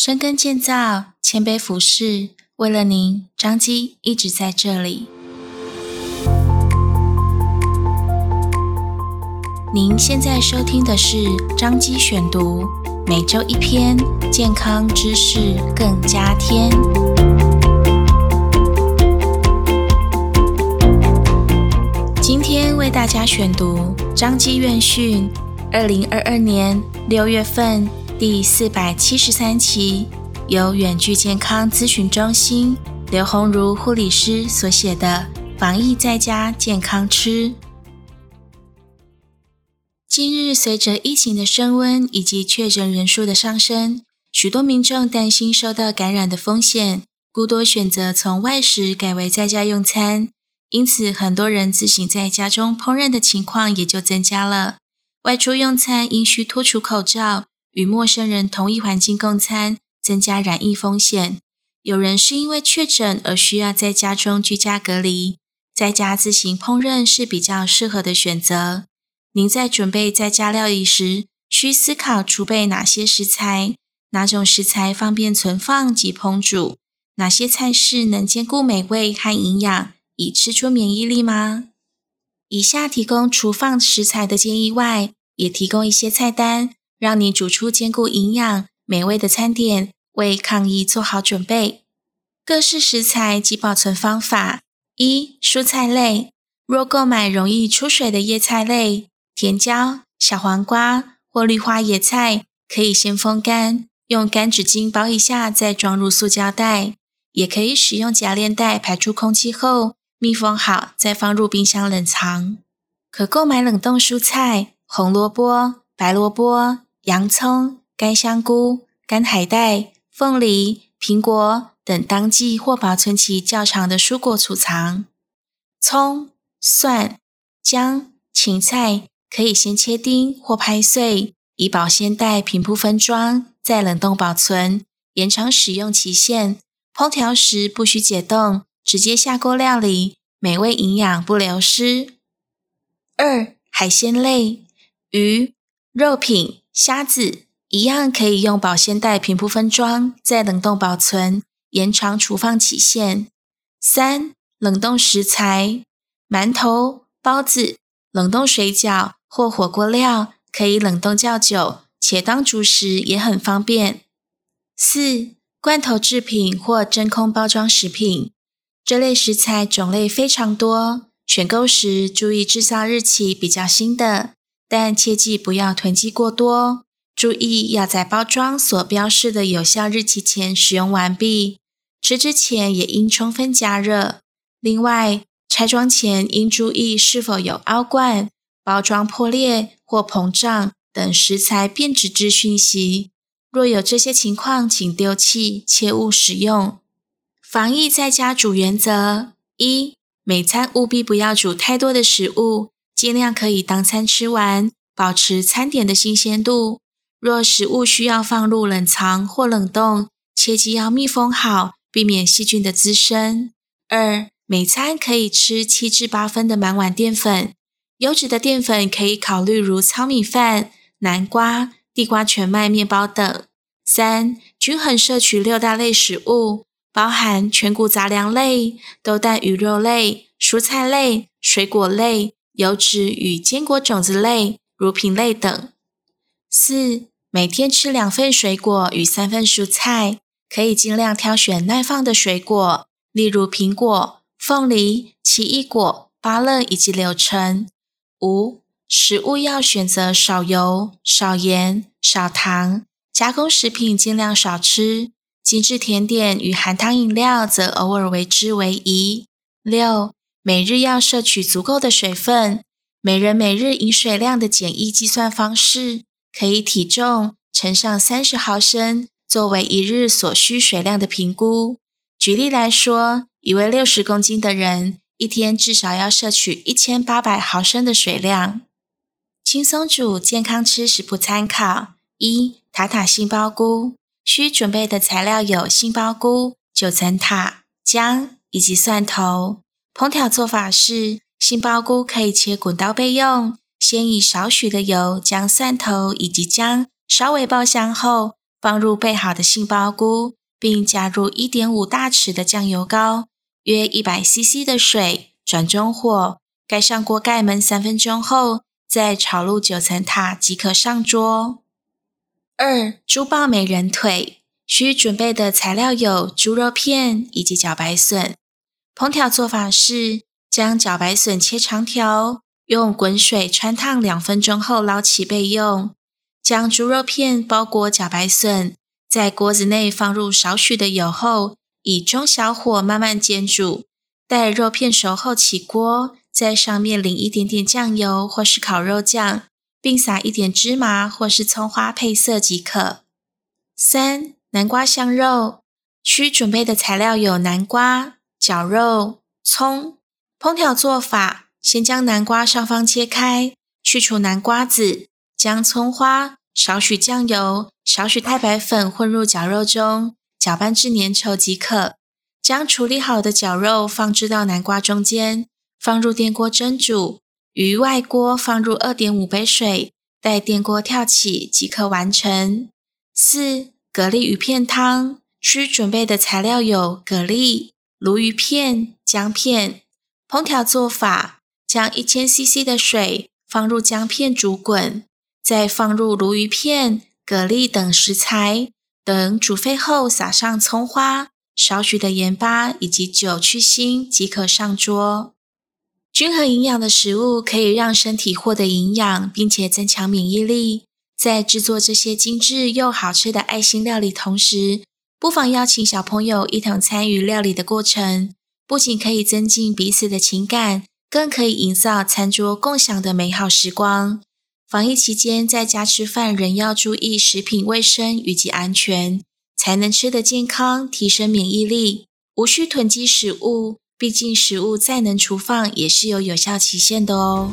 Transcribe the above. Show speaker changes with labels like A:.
A: 深耕建造，謙卑服侍。為了您，彰基一直在這裡。您現在收聽的是彰基選讀，每周一篇健康知識，更加添。今天為大家選讀彰基院訊，二零二二年六月份。第四百七十三期，由遠距健康諮詢中心劉鴻儒護理師所寫的《防疫在家健康吃》。近日，隨着疫情的升溫以及確診人數的上升，許多民眾擔心受到感染的風險，故多選擇從外食改為在家用餐。因此，很多人自行在家中烹飪的情況也就增加了。外出用餐因需脫除口罩。與陌生人同一環境共餐，增加染疫風險。有人是因為確診而需要在家中居家隔離，在家自行烹飪是比較適合的選擇。您在準備在家料理時，需思考儲備哪些食材，哪種食材方便存放及烹煮，哪些菜式能兼顧美味和營養，以吃出免疫力嗎？以下提供儲放食材的建議外，也提供一些菜單。讓你煮出兼顧、營養、美味的餐點，為抗疫做好準備。各式食材及保存方法：一、蔬菜類。若購買容易出水的葉菜類，甜椒、小黃瓜或綠花椰菜，可以先風乾，用乾紙巾包一下，再裝入塑膠袋；也可以使用夾鏈袋，排出空氣後密封好，再放入冰箱冷藏。可購買冷凍蔬菜，紅蘿蔔、白蘿蔔。洋蔥、乾香菇、乾海帶、鳳梨、蘋果等當季或保存期較長的蔬果儲藏；蔥、蒜、薑、芹菜可以先切丁或拍碎，以保鮮袋平鋪分裝，再冷凍保存，延長使用期限。烹調時不需解凍，直接下鍋料理，美味營養不流失。二、海鮮類：魚、肉品。蝦子一樣可以用保鮮袋平鋪分裝，再冷凍保存，延長儲放期限。三、冷凍食材，饅頭、包子、冷凍水餃或火鍋料可以冷凍較久，且當主食也很方便。四、罐頭製品或真空包裝食品，這類食材種類非常多，選購時注意製造日期比較新的。但切記不要囤積過多，注意要在包裝所標示的有效日期前使用完畢。吃之前也應充分加熱。另外，拆裝前應注意是否有凹罐、包裝破裂或膨脹等食材變質之訊息。若有這些情況，請丟棄，切勿使用。防疫在家煮原則：一、每餐務必不要煮太多的食物。盡量可以當餐吃完，保持餐點的新鮮度。若食物需要放入冷藏或冷凍，切記要密封好，避免細菌的滋生。二、每餐可以吃七至八分的滿碗澱粉，優質的澱粉可以考慮如糙米飯、南瓜、地瓜、全麥麵包等。三、均衡攝取六大類食物，包含全穀雜糧類、豆蛋魚肉類、蔬菜類、水果類。油脂與堅果、種子類、乳品類等。四、每天吃兩份水果與三份蔬菜，可以盡量挑選耐放的水果，例如蘋果、鳳梨、奇異果、芭樂以及柳橙。五、食物要選擇少油、少鹽、少糖，加工食品盡量少吃，精緻甜點與含糖飲料則偶爾為之為宜。六、每日要攝取足夠的水分。每人每日飲水量的簡易計算方式，可以體重乘上三十毫升，作為一日所需水量的評估。舉例來說，一位六十公斤的人，一天至少要攝取一千八百毫升的水量。輕鬆煮健康吃食譜參考：一、塔塔杏鮑菇，需準備的材料有杏鮑菇、九層塔、薑以及蒜頭。烹調做法是，杏鮑菇可以切滾刀備用，先以少許的油將蒜頭以及薑稍微爆香後，放入備好的杏鮑菇，並加入一點五大匙的醬油膏，約一百 CC 的水，轉中火，蓋上鍋蓋燜三分鐘後，再炒入九層塔即可上桌。二、豬爆美人腿，需準備的材料有豬肉片以及茭白筍。烹調做法是，將茭白筍切長條，用滾水汆燙兩分鐘後撈起備用。將豬肉片包裹茭白筍，在鍋子內放入少許的油後，以中小火慢慢煎煮。待肉片熟後起鍋，在上面淋一點點醬油或是烤肉醬，並撒一點芝麻或是蔥花配色即可。三、南瓜香肉，需準備的材料有南瓜。絞肉、蔥，烹調做法：先將南瓜上方切開，去除南瓜籽，將蔥花、少許醬油、少許太白粉混入絞肉中，攪拌至粘稠即可。將處理好的絞肉放置到南瓜中間，放入電鍋蒸煮。於外鍋放入二點五杯水，待電鍋跳起即可完成。四、蛤蜊魚片湯，需準備的材料有蛤蜊。鱸魚片、薑片，烹調做法：將一千 CC 的水放入薑片煮滾，再放入鱸魚片、蛤蜊等食材，等煮沸後撒上蔥花、少許的鹽巴以及酒去腥即可上桌。均衡營養的食物可以讓身體獲得營養，並且增強免疫力。在製作這些精緻又好吃的愛心料理同時，不妨邀請小朋友一同參與料理的過程，不僅可以增進彼此的情感，更可以營造餐桌共享的美好時光。防疫期間在家吃飯，仍要注意食品衛生以及安全，才能吃得健康，提升免疫力。無需囤積食物，畢竟食物再能儲放，也是有有效期限的哦。